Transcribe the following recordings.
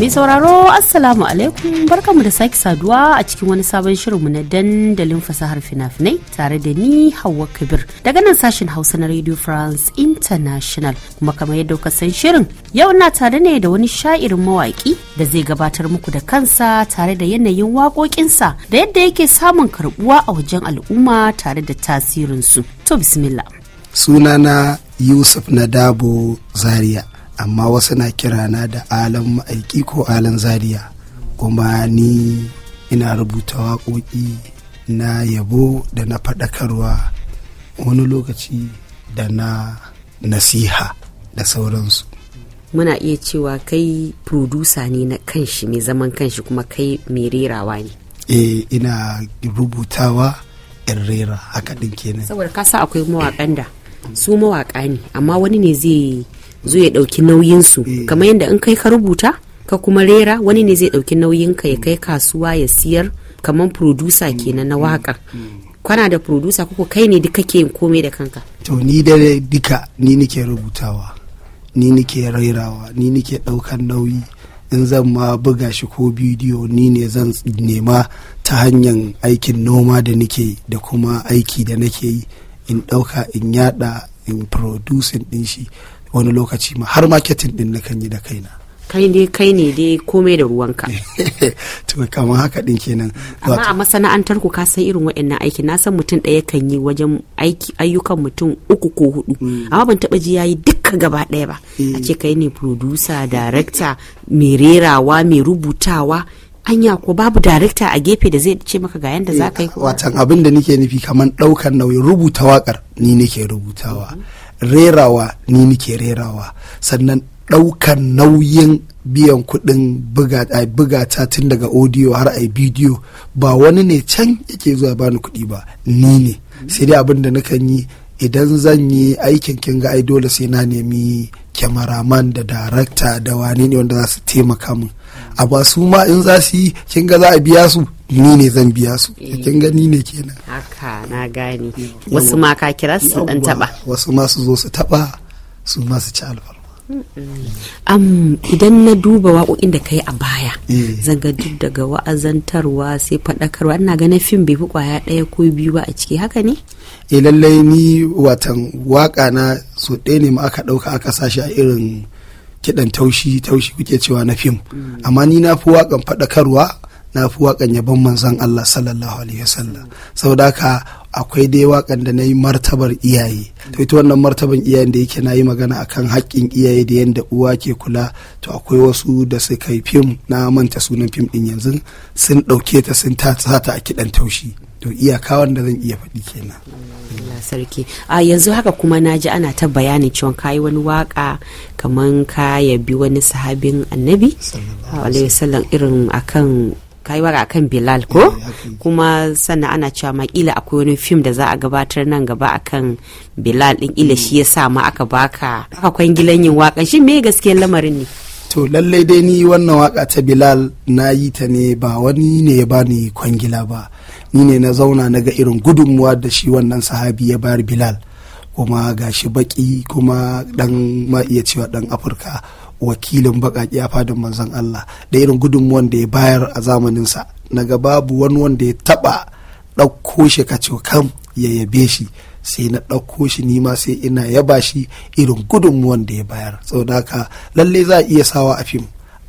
Mai sauraro Assalamu alaikum barkamu da sake saduwa a cikin wani sabon shirinmu na dandalin fasahar fina-finai tare da ni Hauwa Kabir daga nan sashen Hausa na Radio France International kuma kamar yadda kuka san shirin yau na tare ne da wani sha'irin mawaƙi da zai gabatar muku da kansa tare da yanayin waƙoƙinsa da yadda yake samun karbuwa a wajen al'umma tare da tasirinsu. To bismillah. Sunana Yusuf Nadabo Zaria. amma wasu na kirana da alan ma'aiki ko alan zaria kuma ni ina rubuta waƙoƙi na yabo da na faɗakarwa wani lokaci da na nasiha da sauransu muna iya cewa kai produsa ne na kanshi mai zaman kanshi kuma kai mai rerawa ne e ina rubutawa in rera haka din kenan saboda kasa akwai mawaƙan da su mawaƙa ne amma wani ne zai zo ya ɗauki nauyinsu eh. kamar yadda in kai ka rubuta ka kuma rera wani ne zai ɗauki ka ya kai mm. kasuwa ya siyar kamar producer mm. kenan na mm. waka kwana da producer kuku kai ne duka ke komai da kanka to ni da duka ni nike rubutawa ni nike rairawa ni nike ɗaukan nauyi in zan ma buga shi ko bidiyo ni ne zan nema ta hanyar aikin noma da nake da kuma aiki da nake yi in ɗauka in yada in producing din shi wani lokaci ma har maketin din na kan yi da kaina kai dai kai ne dai komai da ruwanka to kamar haka din kenan amma a masana'antar ku ka san irin waɗannan aiki na san mutum ɗaya kan yi wajen aiki ayyukan mutum uku ko hudu mm. amma ban taba ji yayi dukka gaba ɗaya ba mm. a ce kai ne producer director mai rerawa mai rubutawa anya ko babu darekta a gefe da zai ce maka ga yanda za ka yi watan abin da nake nufi kamar ɗaukar nauyin rubuta wakar ni nake rubutawa mm rerawa ni nike rerawa sannan ɗaukar nauyin biyan kuɗin buga ta tun daga audio har a bidiyo ba wani ne can yake zuwa bani kuɗi ba ni ne sai dai abin da nakan yi idan zan yi aikin kin ga ai dole sai na nemi kyamaraman da darakta da wane ne wanda za su taimaka min a ba su ma in za su yi kin ga za a biya su ni ne zan biya su eh. kin ga ni ne kenan haka na gane wasu ma ka kira su dan taba wasu ma su zo su taba su ma su ci alfarma idan na duba waƙoƙin da ka yi a baya eh. zan ga duk daga wa'azantarwa sai faɗakarwa ina ganin fim bai fi ƙwaya ɗaya ko biyu ba a ciki haka ne eh lallai ni watan waƙa na so ɗaya ne ma aka ɗauka aka sashi a irin kiɗan taushi taushi kuke cewa na fim amma ni na fi waƙan faɗakarwa na fi waƙan yabon manzon Allah sallallahu alaihi wasallam saboda haka akwai dai waƙan da na yi martabar iyaye to ita wannan martaban iyayen da yake na yi magana akan haƙƙin iyaye da yadda uwa ke kula to akwai wasu da suka yi fim na manta sunan fim ɗin yanzu sun ɗauke ta sun ta a kiɗan taushi to iyaka wanda zan iya faɗi kenan sarki a yanzu haka kuma na ji ana ta bayanin cewa kayi wani waka kamar ka bi wani sahabin annabi sallam irin akan kayi waka akan bilal ko eh, kuma sannan ana cewa ma ila akwai wani fim da za a gabatar nan gaba akan bilal din ila shi ya sa ma aka baka akwai kwangilan yin waka shi me gaskiyar lamarin ne to lallai dai ni wannan waka ta bilal na yi ta ne ba wani ne ya bani kwangila ba ni ne na zauna na ga irin gudunmuwa da shi wannan sahabi ya bayar bilal kuma ga shi baki kuma dan ma iya cewa dan afirka wakilin bakaki a fadin manzon allah da irin gudunmuwan da ya bayar a zamaninsa na ga babu wani wanda ya taɓa ɗauko shi ka kam ya yabe shi sai na ɗauko shi ni ma sai ina yaba shi irin gudunmuwan da ya bayar saboda haka lalle za a iya sawa a fim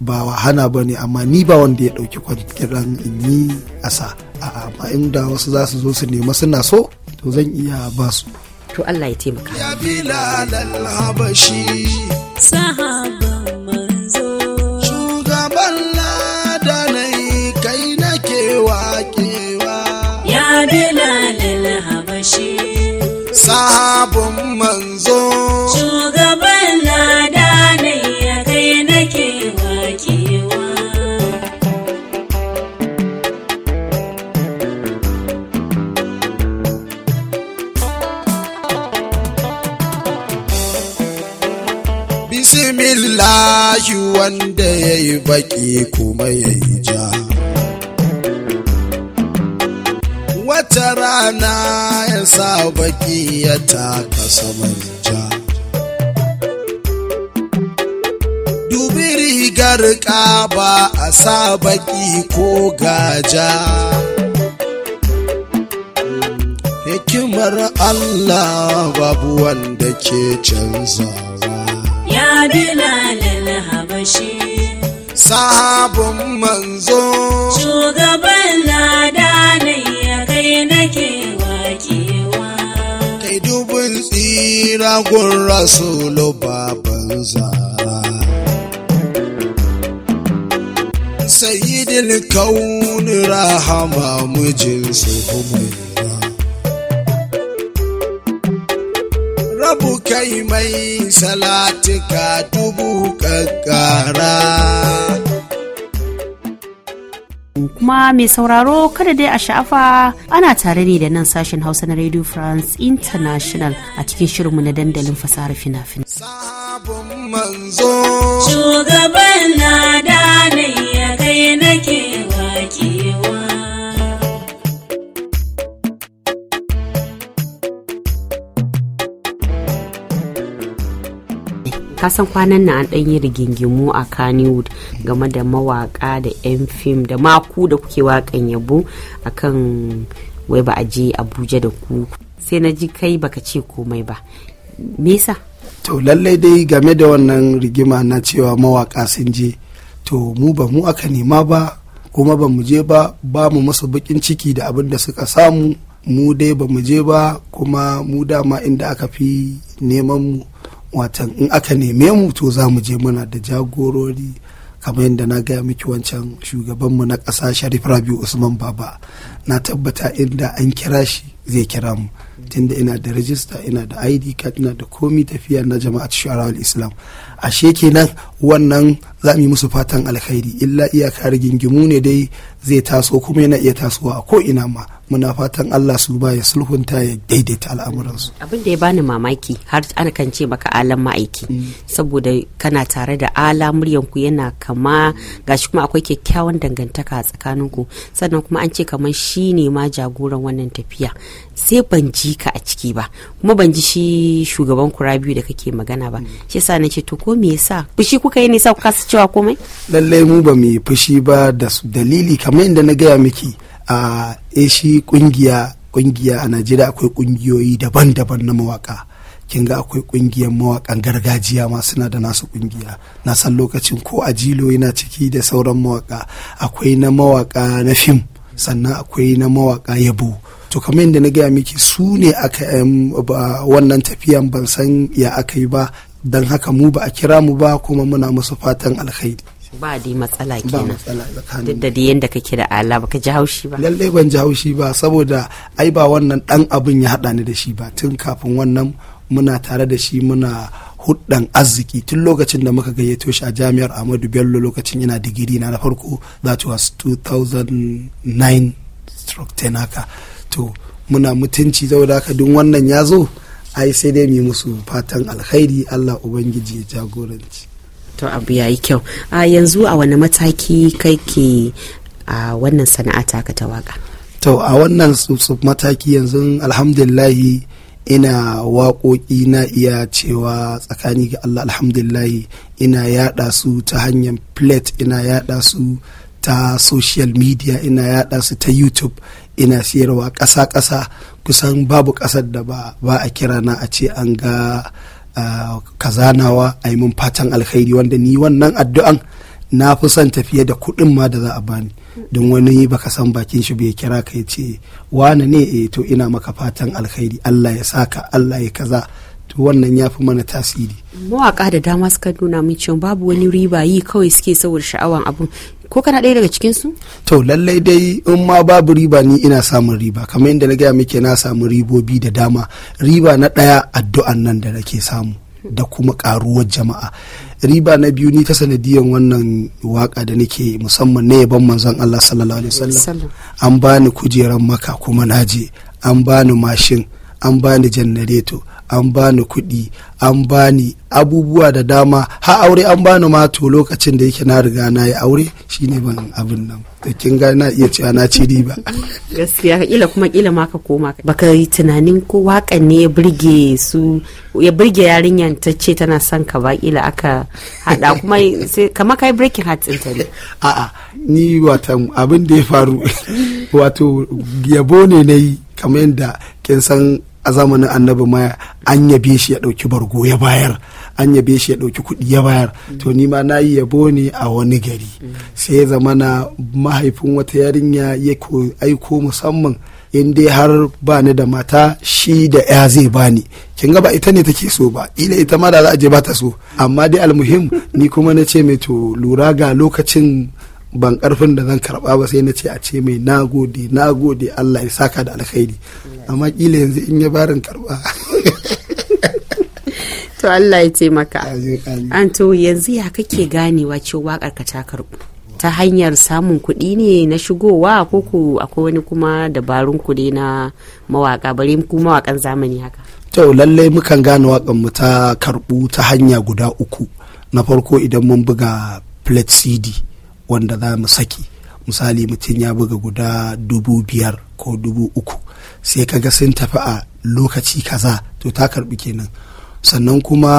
ba hana ba ne amma ni ba wanda ya ɗauki kwanciran in yi asa amma da wasu za su zo su nema suna so to zan iya ba su to Allah ya taimaka ya lalal habashi sahaba sahabun manzo shugaban lada ne ya kai kewa-kewa. bismillahi wanda ya yi baki kuma ya yi baki ya taka saman ja dubi rigar ƙaba a sa baki ko gaja hikimar Allah babu wanda ke canzawa. Ya Bilalil Habashi. Sahabin manzo. Shugaban lada ne ya kai nake ragon rasulu baban zara sayidin kauni rahama mijin su rabu kai mai salatika dubu kakkara kuma mai sauraro kada dai a sha'afa ana tare ne da nan sashen hausa na radio france international a cikin shirinmu na dandalin fasahar fina-finai. manzo shugaban na ka san kwanan na an ɗan yi rigingimu a kannywood game da mawaka da 'yan fim da maku da kuke wakan yabo kan wai ba a je abuja da ku sai na ji kai baka ce komai ba mesa to lallai dai game da wannan rigima na cewa mawaka sun je to mu ba mu aka nema ba kuma ba mu je ba ba mu masu bakin ciki da abin da suka samu mu dai ba mu je ba kuma mu dama inda aka fi neman mu watan in aka neme mu to za mu je muna da jagorori kamar yadda na gaya miki wancan shugabanmu na ƙasa sharif rabiu usman baba na tabbata inda an kira shi zai kira mu tunda ina da rajista ina da id card ina da komi tafiya na jama'at shu'ara'ul islam ashe kenan wannan za mu yi musu fatan alkhairi illa iyaka rigingimu ne dai zai taso kuma yana iya tasowa ko ina ma muna fatan Allah su ba ya sulhunta ya daidaita al'amuransu. abin da ya bani mamaki har ana kan ce maka alan ma'aiki mm. saboda kana tare da ala muryan ku yana kama gashi kuma akwai kyakkyawan dangantaka a tsakanin ku sannan kuma an ce kamar shi ne ma jagoran wannan tafiya sai ban ji ka a ciki ba kuma ban ji shi shugaban kura biyu da kake magana ba mm. shi yasa na ce to ko me yasa shi kuka yi nisa kuka cewa komai lallai mu ba mu fushi ba da dalili kamar yadda na gaya miki a eh, shi kungiya kungiya a najeriya akwai kungiyoyi daban-daban na mawaka kin ga akwai kungiyar mawakan gargajiya ma suna da nasu kungiya na san lokacin ko a jilo yana ciki da sauran mawaka akwai na mawaka na fim sannan akwai na mawaka yabo to kamar yadda na gaya miki su ne aka wannan tafiyan ban san ya aka yi ba don haka mu ba a kira mu ba kuma muna musu fatan alkhairi ba dai matsala kenan duk da yadda kake da ala baka ji haushi ba lallai ban ji haushi ba saboda ai ba wannan dan abin ya hada ni da shi ba tun kafin wannan muna tare da shi muna huddan arziki tun lokacin da muka gayyato shi a jami'ar Ahmadu Bello lokacin yana digiri na na farko that was 2009 stroke 10 haka to muna mutunci saboda haka duk wannan ya zo ai sai dai mu musu fatan alkhairi Allah ubangiji ya jagoranci to abu yayi kyau a yanzu a wani mataki kai ke a wannan sana'a taka ta waka to a wannan mataki yanzu alhamdulillah ina waƙoƙi na iya cewa tsakani ga Allah alhamdulillah ina yaɗa su ta hanyar plate ina yaɗa su ta social media ina yaɗa su ta youtube ina siyarwa ƙasa-ƙasa kusan babu ƙasar da ba a kira na a ce an ga kazanawa a yi mun fatan alkhairi wanda ni wannan addu'an na fi son tafiye da kuɗin ma da za a bani don wani baka san bakin shi bai kira ka ce wane ne e to ina maka fatan alkhairi Allah ya saka Allah ya kaza to wannan ya fi mana tasiri mawaƙa da dama suka nuna min cewa babu wani riba yi kawai suke saboda sha'awan abun ko kana ɗaya daga cikin to lallai dai in ma babu riba ni ina samun riba kamar yadda na gaya muke na samu ribobi da dama riba na ɗaya addu'an nan da nake samu da kuma karuwar jama'a riba na biyu ni ta sanadiyan wannan waka da nake musamman na yaban manzon Allah sallallahu alaihi wasallam an bani kujeran maka kuma naje an bani mashin an bani janareto an bani kuɗi an bani abubuwa da dama ha aure an bani ma to lokacin da yake na riga na yi aure shine ban abin nan da kin ga na iya cewa na ci riba gaskiya ka kila kuma kila ma ka koma baka yi tunanin ko wakan ne ya burge su ya burge yarinyan ta ce tana son ka ba kila aka hada kuma sai kamar kai breaking heart din ta ne a'a ni watan abin da ya faru wato yabo ne na yi kamar yadda kin san a zamanin annabi ma an yabe shi ya ɗauki bargo ya bayar an yabe shi ya ɗauki kuɗi ya bayar to ni ma na yi yabo ne a wani gari sai ya zama na mahaifin wata yarinya ya ko aiko musamman in dai har ba ni da mata shi da ya zai bani kin ga ba ita ne take so ba ila ita ma da za a je ba ta so amma dai almuhim ni kuma na ce mai to lura ga lokacin ban karfin da zan karba ba sai na ce a ce mai na gode Allah ya saka da alkhairi amma kila yanzu in ya barin karba to Allah ya taimaka an to yanzu ya kake ganewa ce wakar ka ta karbu ta hanyar samun kuɗi ne na shigowa ko ku akwai wani kuma dabarun kuɗi na mawaka bare ku mawakan zamani haka to lallai mukan gane wakan mu ta karbu ta hanya guda uku na farko idan mun buga plate cd wanda za mu saki misali mutum ya buga guda dubu biyar ko dubu uku sai ka ga sun tafi a lokaci kaza to ta karbi kenan sannan kuma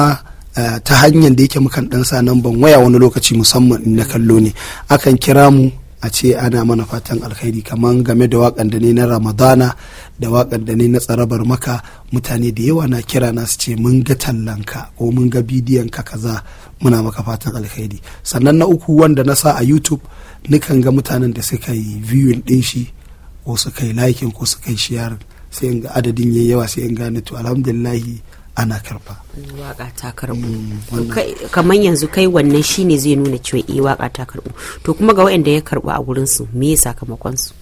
eh, ta hanyar da yake mukan dan sa nan ban waya wani lokaci musamman na kallo ne akan kira mu a ce ana mana fatan alkhairi kamar game da wakan da ne na ramadana da wakan da ne na tsarabar maka mutane da yawa na kira na su ce mun ga tallanka ko mun ga bidiyon ka kaza muna maka fatan alkhairi sannan na uku wanda na sa a youtube nukan ga mutanen da suka yi viewing din shi ko suka yi liking ko suka yi share sai in ga adadin yayi yawa sai in gane to alhamdulillahi ana karba waka ta karbu kamar yanzu kai wannan shine zai nuna cewa eh waka ta karbu to kuma ga waɗanda ya karbu a gurin su me sakamakon su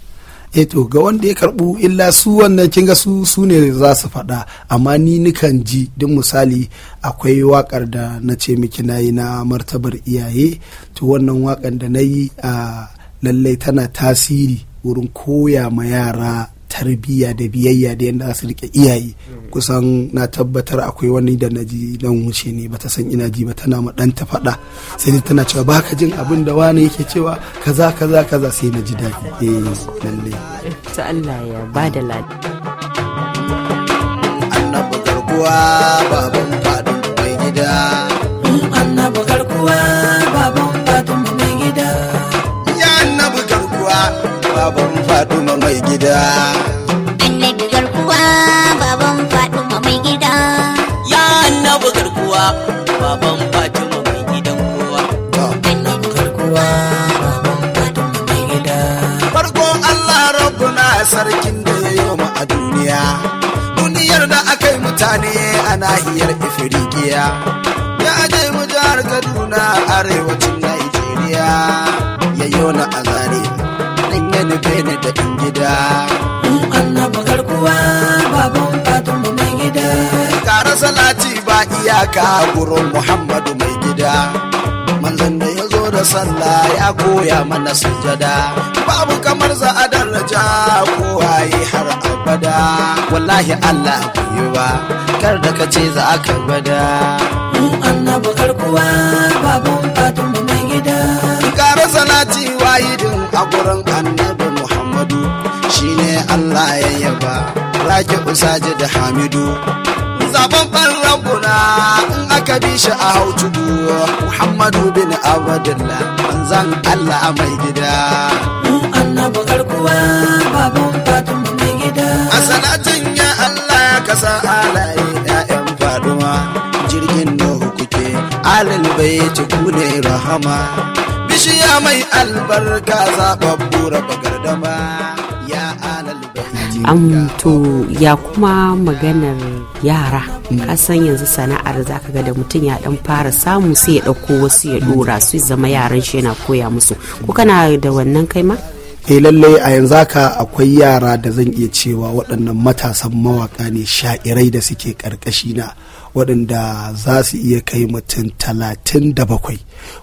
eh to ga wanda ya karbu illa su wannan kinga su su ne za su fada amma ni nikan ji duk misali akwai wakar da na ce miki nayi na martabar iyaye to wannan wakan da nayi a ah, lallai tana tasiri wurin koya ma yara tarbiyya da biyayya da yadda su rike iyaye kusan na tabbatar akwai wani da na ji nan wuce ne bata san ina ji ba tana ma ɗanta faɗa sai dai tana cewa baka jin abin da wani yake cewa kaza kaza kaza sai na ji dadi eh lalle ta Allah ya ba da ladi mutane a nahiyar ifirigiya. Ya je mu jihar Kaduna arewacin Najeriya. Ya yona a zare, ɗan yana nufe da in gida. Mun garkuwa baban mu mai gida. Kara salati ba iyaka wurin Muhammadu mai gida. Manzan da da sallah ya koya mana sujada babu kamar za a daraja ko waye har abada wallahi Allah yi ba kar da ka ce za a kai mu annabi karkuwa babu fatan mu mai gida kare salati din a gurin annabi Muhammadu shine Allah ya yaba Raki Usaji da Hamidu zaben ka bi shi a hau tudu Muhammadu bin Abdullah manzan Allah mai gida mu annabi garkuwa baban fatan mai gida a salatin ya Allah ya kasa alaye ƴaƴan faduwa jirgin da hukuke alil baiti ku ne rahama bishiya mai albarka zababbu raba gardama ya alal baiti to ya kuma maganar yara kasan yanzu sana'ar zaka ga da mutum ya dan fara samu sai ya dauko wasu ya dora su zama yaran shi yana koya musu ko kana da wannan kai ma e lallai a yanzu haka akwai yara da zan iya cewa waɗannan matasan mawaka ne sha'irai da suke na waɗanda za su iya kai mutum talatin da bakwai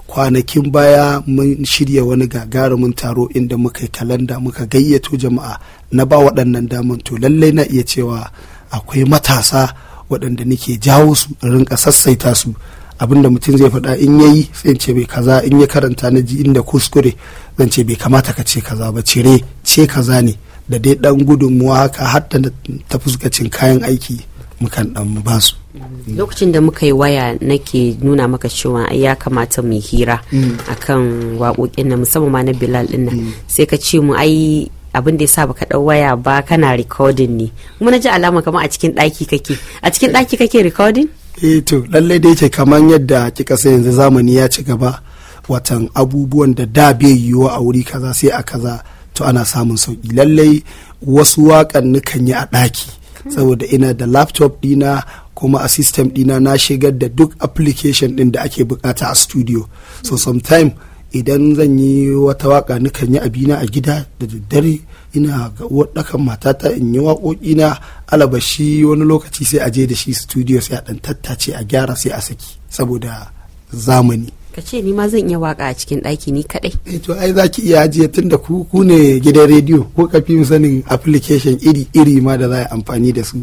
kwanakin baya mun shirya wani gagarumin taro inda muka yi kalanda muka gayyato jama'a na ba waɗannan damar to lallai na iya cewa akwai matasa waɗanda nake jawo su in rinka sassaita su abinda mutum zai faɗa in yayi sai ce bai kaza in ya karanta na ji inda kuskure zan ce bai kamata ka ce kaza ba cire ce kaza ne da dai ɗan gudunmuwa haka hatta ta fuskacin kayan aiki mukan dan ba su lokacin da muka yi waya nake nuna maka cewa ya kamata mu hira mm. akan waƙoƙin na musamman ma na bilal ɗin mm. sai ka ce mu ai abin da ya sa baka dau waya ba kana recording ne kuma na ji alama kamar a cikin daki kake a cikin daki kake recording eh to lallai da yake kamar yadda kika sai yanzu zamani ya ci gaba watan abubuwan da da bai yiwuwa a wuri kaza sai a kaza to ana samun sauki lallai wasu wakan nukan yi a daki saboda ina da laptop dina kuma a system dina na shigar da duk application din da ake bukata a studio so sometime idan zan yi wata waka nukan yi abina a gida da daddare ina ga uwarɗakan matata in yi waƙoƙi na alabashi wani lokaci sai a je da shi studio sai a ɗan tattace a gyara sai a saki saboda zamani ka ce ni ma zan iya waka a cikin ɗaki ni kaɗai. eh to ai zaki iya ajiye tun da ku ne gidan rediyo ko ka fi sanin application iri iri ma da za a amfani da su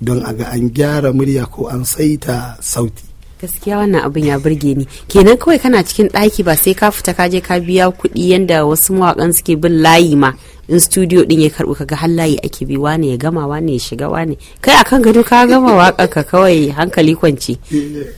don a ga an gyara murya ko an saita sauti gaskiya wannan abin ya burge ni kenan kawai kana cikin ɗaki ba sai ka fita ka je ka biya kuɗi yanda wasu mawakan suke bin layi ma in studio din ya karɓi kaga har layi ake bi wane ya gama wane ya shiga wane kai akan gado ka gama waƙar ka kawai hankali kwanci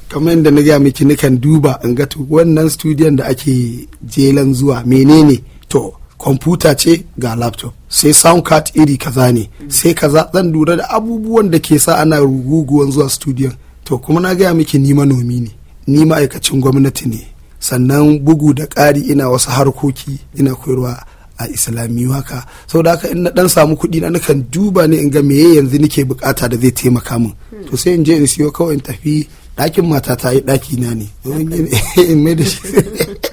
kamar yadda na gaya miki nikan duba in ga wannan studio da ake jelan zuwa menene to kwamfuta ce ga laptop sai sound card iri kaza ne sai kaza zan lura da abubuwan da ke sa ana ruguguwan zuwa studio. to kuma na gaya miki ni manomi ne ni ma'aikacin gwamnati ne sannan bugu da ƙari ina wasu harkoki ina koyarwa a islamiyu haka da haka in na dan samu kuɗi na nakan duba ne in ga meye yanzu nake bukata da zai taimaka min to sai in je in siyo kawai in tafi ɗakin matata yi ɗaki na ne mai da shi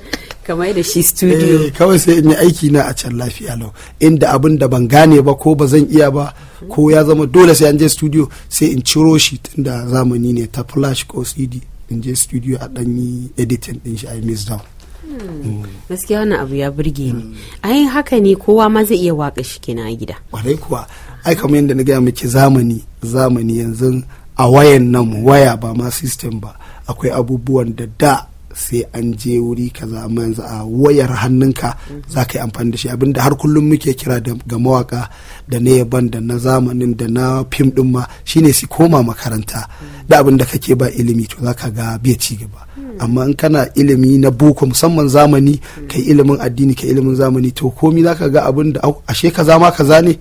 kamar da shi studio eh kawai sai in yi aiki na a can lafiya lau inda abin da ban gane ba ko ba zan iya ba ko ya zama dole sai an je studio sai in ciro shi tunda zamani ne ta flash ko cd in je studio a dan yi editing din shi a miss down hmm. Hmm. gaskiya wannan abu ya burge ni ai haka ne kowa ma zai iya waka shi kina gida kwarai kuwa ai kamar yadda na gaya miki zamani zamani yanzu a wayan nan waya ba ma system ba akwai abubuwan da da sai an je wuri ka zama yanzu a wayar hannunka za ka yi amfani da shi abinda har kullum muke kira ga mawaka da na yaban da na zamanin da na fim din ma shine su koma makaranta da abin da kake ba ilimi to za ka ga bai ci gaba amma in kana ilimi na boko musamman zamani kai ilimin addini kai ilimin zamani to komi za ka ga abin da ashe ka zama ka ne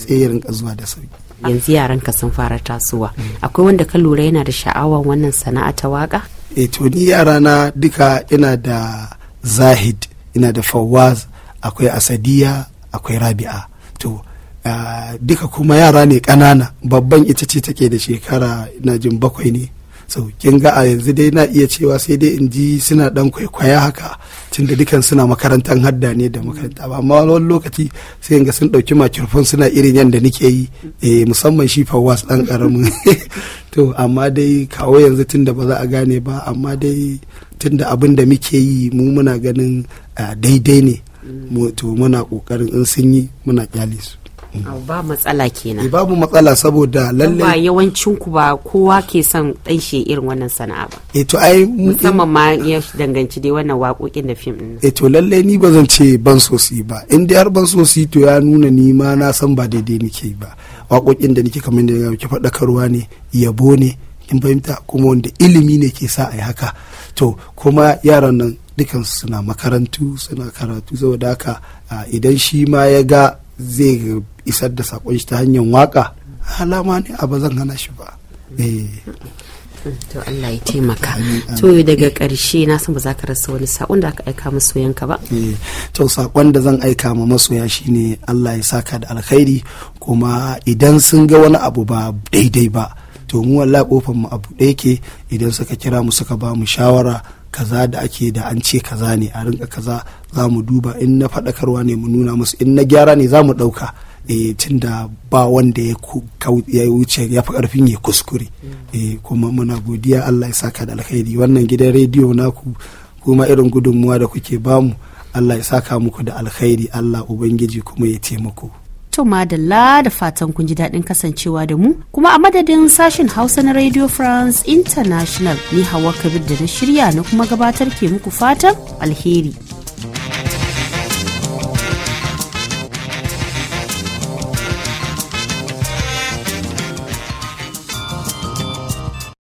sai ya rinka zuwa da sauki yanzu yaran ka sun fara tasowa akwai wanda ka lura yana da sha'awar wannan sana'a ta waka e to ni yara na duka ina da zahid ina da fawaz akwai asadiya akwai rabi'a to uh, duka kuma yara ne ƙanana babban ita ce take da shekara ina jin bakwai ne so kin ga a yanzu dai na iya cewa sai dai in ji suna dan kwaikwaya haka tun da dukan suna makarantar hadda ne da makaranta ba amma wani lokaci sai ga sun ɗauki makirfon suna irin yadda nake yi eh musamman shi fawwas ɗan karamin to amma dai kawo yanzu tun da ba za a gane ba amma dai tun da abin da muke yi mu muna ganin ah, daidai ne to muna kokarin in sun yi muna kyale su ba matsala kenan eh, babu matsala saboda lalle ba yawancin ku ba kowa ke son dan shi irin wannan sana'a ba eh to ai musamman ma ya danganci dai wannan waƙoƙin da fim din eh to lalle ni ba zan ce ban sosi ba in dai har ban sosi to ya nuna ni ma na san ba daidai nake ba waƙoƙin da nake kamar da nake faɗakarwa ne yabo ne in fahimta kuma wanda ilimi ne ke sa a yi haka to kuma yaran nan dukansu suna makarantu suna karatu saboda haka idan shi ma ya ga zai isar da sakon shi ta hanyar waka alama ne a ba zan hana shi ba eh. to Allah ya taimaka to daga ƙarshe na san ba za ka rasa wani sakon da aka aika masoyanka ba eh. to sakon da zan aika ma masoya shine Allah ya saka da alkhairi kuma idan sun ga wani abu ba daidai ba to mu wallahi kofar mu abu da yake idan suka kira mu suka ba mu shawara kaza da ake da an ce kaza ne a rinka kaza za mu duba in na faɗakarwa ne mu nuna musu in na gyara ne za mu ɗauka e, tun da ba wanda ya wuce ya fi ƙarfin ya kuskure eh, kuma muna godiya Allah ya saka da alkhairi wannan gidan rediyo naku kuma irin gudunmuwa da kuke bamu Allah ya saka muku da alkhairi Allah ubangiji kuma ya taimako To madalla da fatan kun ji daɗin kasancewa da mu kuma a madadin sashen Hausa na Radio France International ni Hawa Kabir da na shirya na kuma gabatar ke muku fatan alheri.